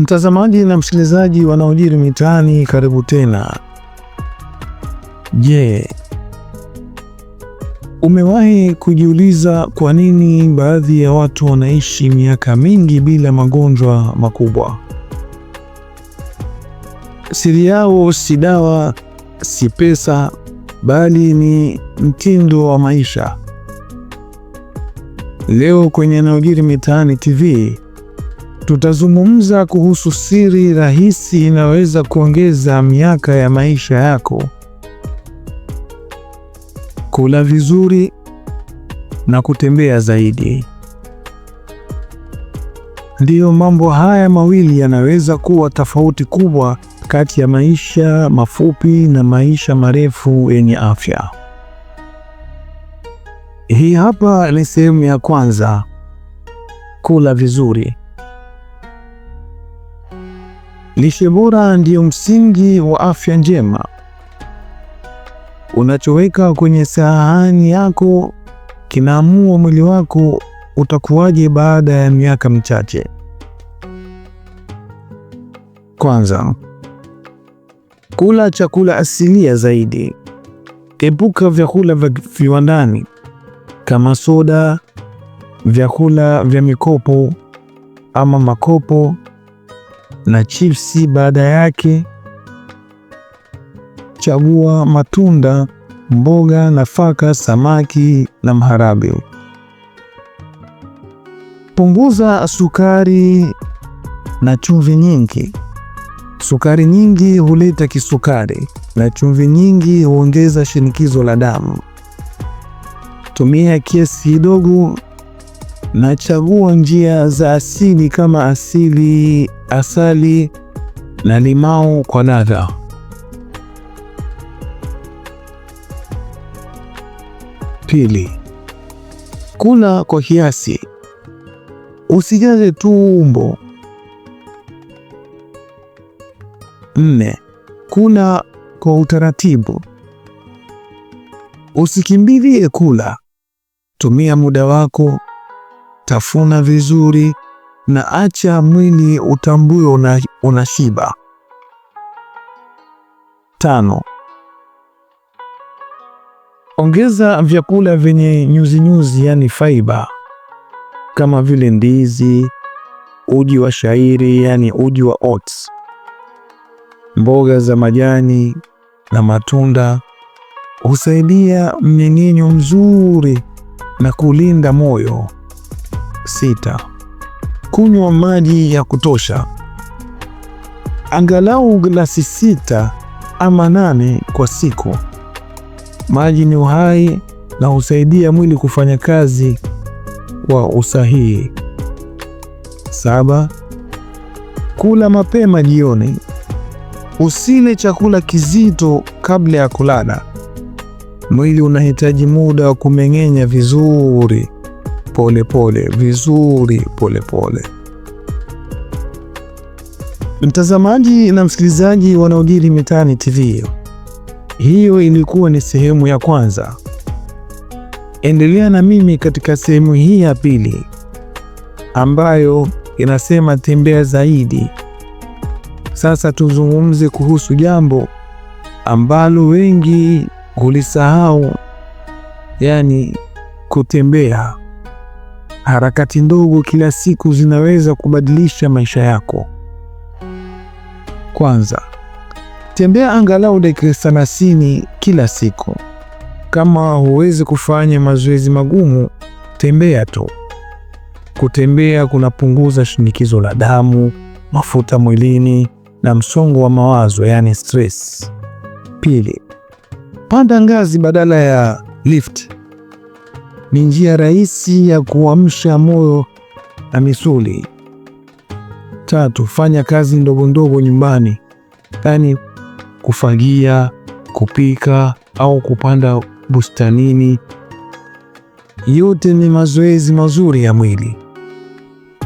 Mtazamaji na msikilizaji wanaojiri mitaani, karibu tena. Je, umewahi kujiuliza kwa nini baadhi ya watu wanaishi miaka mingi bila magonjwa makubwa? Siri yao si dawa, si pesa, bali ni mtindo wa maisha. Leo kwenye yanayojiri mitaani TV Tutazungumza kuhusu siri rahisi inaweza kuongeza miaka ya maisha yako. Kula vizuri na kutembea zaidi. Ndiyo, mambo haya mawili yanaweza kuwa tofauti kubwa kati ya maisha mafupi na maisha marefu yenye afya. Hii hapa ni sehemu ya kwanza: kula vizuri. Lishe bora ndiyo msingi wa afya njema. Unachoweka kwenye sahani yako kinaamua mwili wako utakuwaje baada ya miaka michache. Kwanza, kula chakula asilia zaidi. Epuka vyakula vya viwandani kama soda, vyakula vya mikopo ama makopo na chipsi. Baada yake chagua matunda, mboga, nafaka, samaki na maharage. Punguza sukari na chumvi nyingi. Sukari nyingi huleta kisukari na chumvi nyingi huongeza shinikizo la damu. Tumia kiasi kidogo Nachagua njia za asili kama asili, asali na limau kwa ladha. Pili, kula kwa kiasi, usijaze tumbo. Nne, kula kwa utaratibu, usikimbilie kula, tumia muda wako tafuna vizuri na acha mwili utambue una, unashiba. Tano, ongeza vyakula vyenye nyuzinyuzi yani faiba kama vile ndizi, uji wa shairi yani uji wa oats, mboga za majani na matunda husaidia mmeng'enyo mzuri na kulinda moyo. Sita, kunywa maji ya kutosha, angalau glasi sita ama nane kwa siku. Maji ni uhai na husaidia mwili kufanya kazi kwa usahihi. Saba, kula mapema jioni. Usile chakula kizito kabla ya kulala. Mwili unahitaji muda wa kumeng'enya vizuri polepole pole, vizuri polepole pole. Mtazamaji na msikilizaji wanaojiri mitaani TV, hiyo ilikuwa ni sehemu ya kwanza. Endelea na mimi katika sehemu hii ya pili ambayo inasema tembea zaidi. Sasa tuzungumze kuhusu jambo ambalo wengi hulisahau, yani kutembea. Harakati ndogo kila siku zinaweza kubadilisha maisha yako. Kwanza, tembea angalau dakika 30 kila siku. Kama huwezi kufanya mazoezi magumu, tembea tu. Kutembea kunapunguza shinikizo la damu, mafuta mwilini na msongo wa mawazo, yani stress. Pili, panda ngazi badala ya lift ni njia rahisi ya kuamsha moyo na misuli. Tatu, fanya kazi ndogo ndogo nyumbani, yaani kufagia, kupika au kupanda bustanini. Yote ni mazoezi mazuri ya mwili.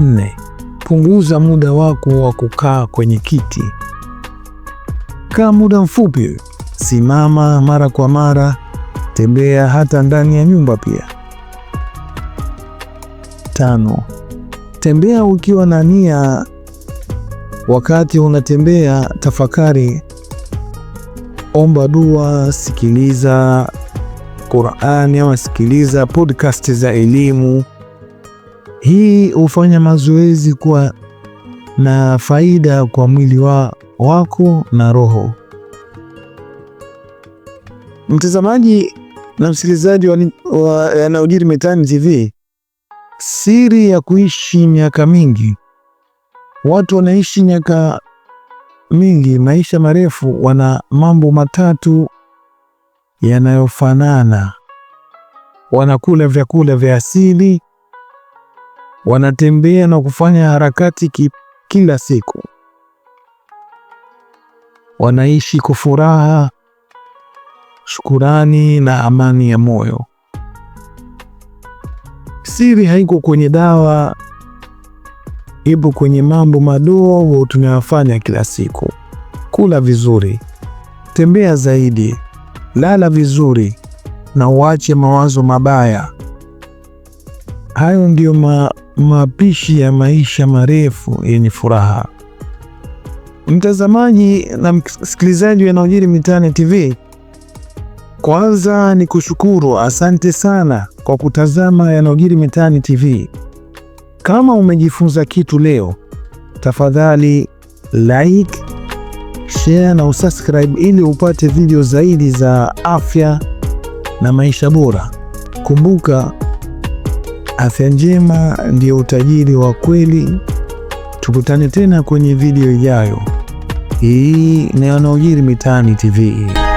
Nne, punguza muda wako wa kukaa kwenye kiti. Kaa muda mfupi, simama mara kwa mara, tembea hata ndani ya nyumba pia tano. Tembea ukiwa na nia. Wakati unatembea, tafakari, omba dua, sikiliza Qur'ani ama sikiliza podcast za elimu. Hii hufanya mazoezi kuwa na faida kwa mwili wa wako na roho. Mtazamaji na msikilizaji wa yanayojiri mitaani TV, Siri ya kuishi miaka mingi. Watu wanaishi miaka mingi, maisha marefu, wana mambo matatu yanayofanana: wanakula vyakula vya asili, wanatembea na kufanya harakati ki kila siku, wanaishi kwa furaha, shukurani na amani ya moyo. Siri haiko kwenye dawa, ipo kwenye mambo madogo tunayofanya kila siku. Kula vizuri, tembea zaidi, lala vizuri na uache mawazo mabaya. Hayo ndiyo ma, mapishi ya maisha marefu yenye furaha. Mtazamaji na msikilizaji yanayojiri mitaani TV. Kwanza ni kushukuru, asante sana kwa kutazama yanayojiri mitaani TV. Kama umejifunza kitu leo, tafadhali like, share na usubscribe ili upate video zaidi za afya na maisha bora. Kumbuka, afya njema ndio utajiri wa kweli. Tukutane tena kwenye video ijayo. Hii ni yanayojiri mitaani TV.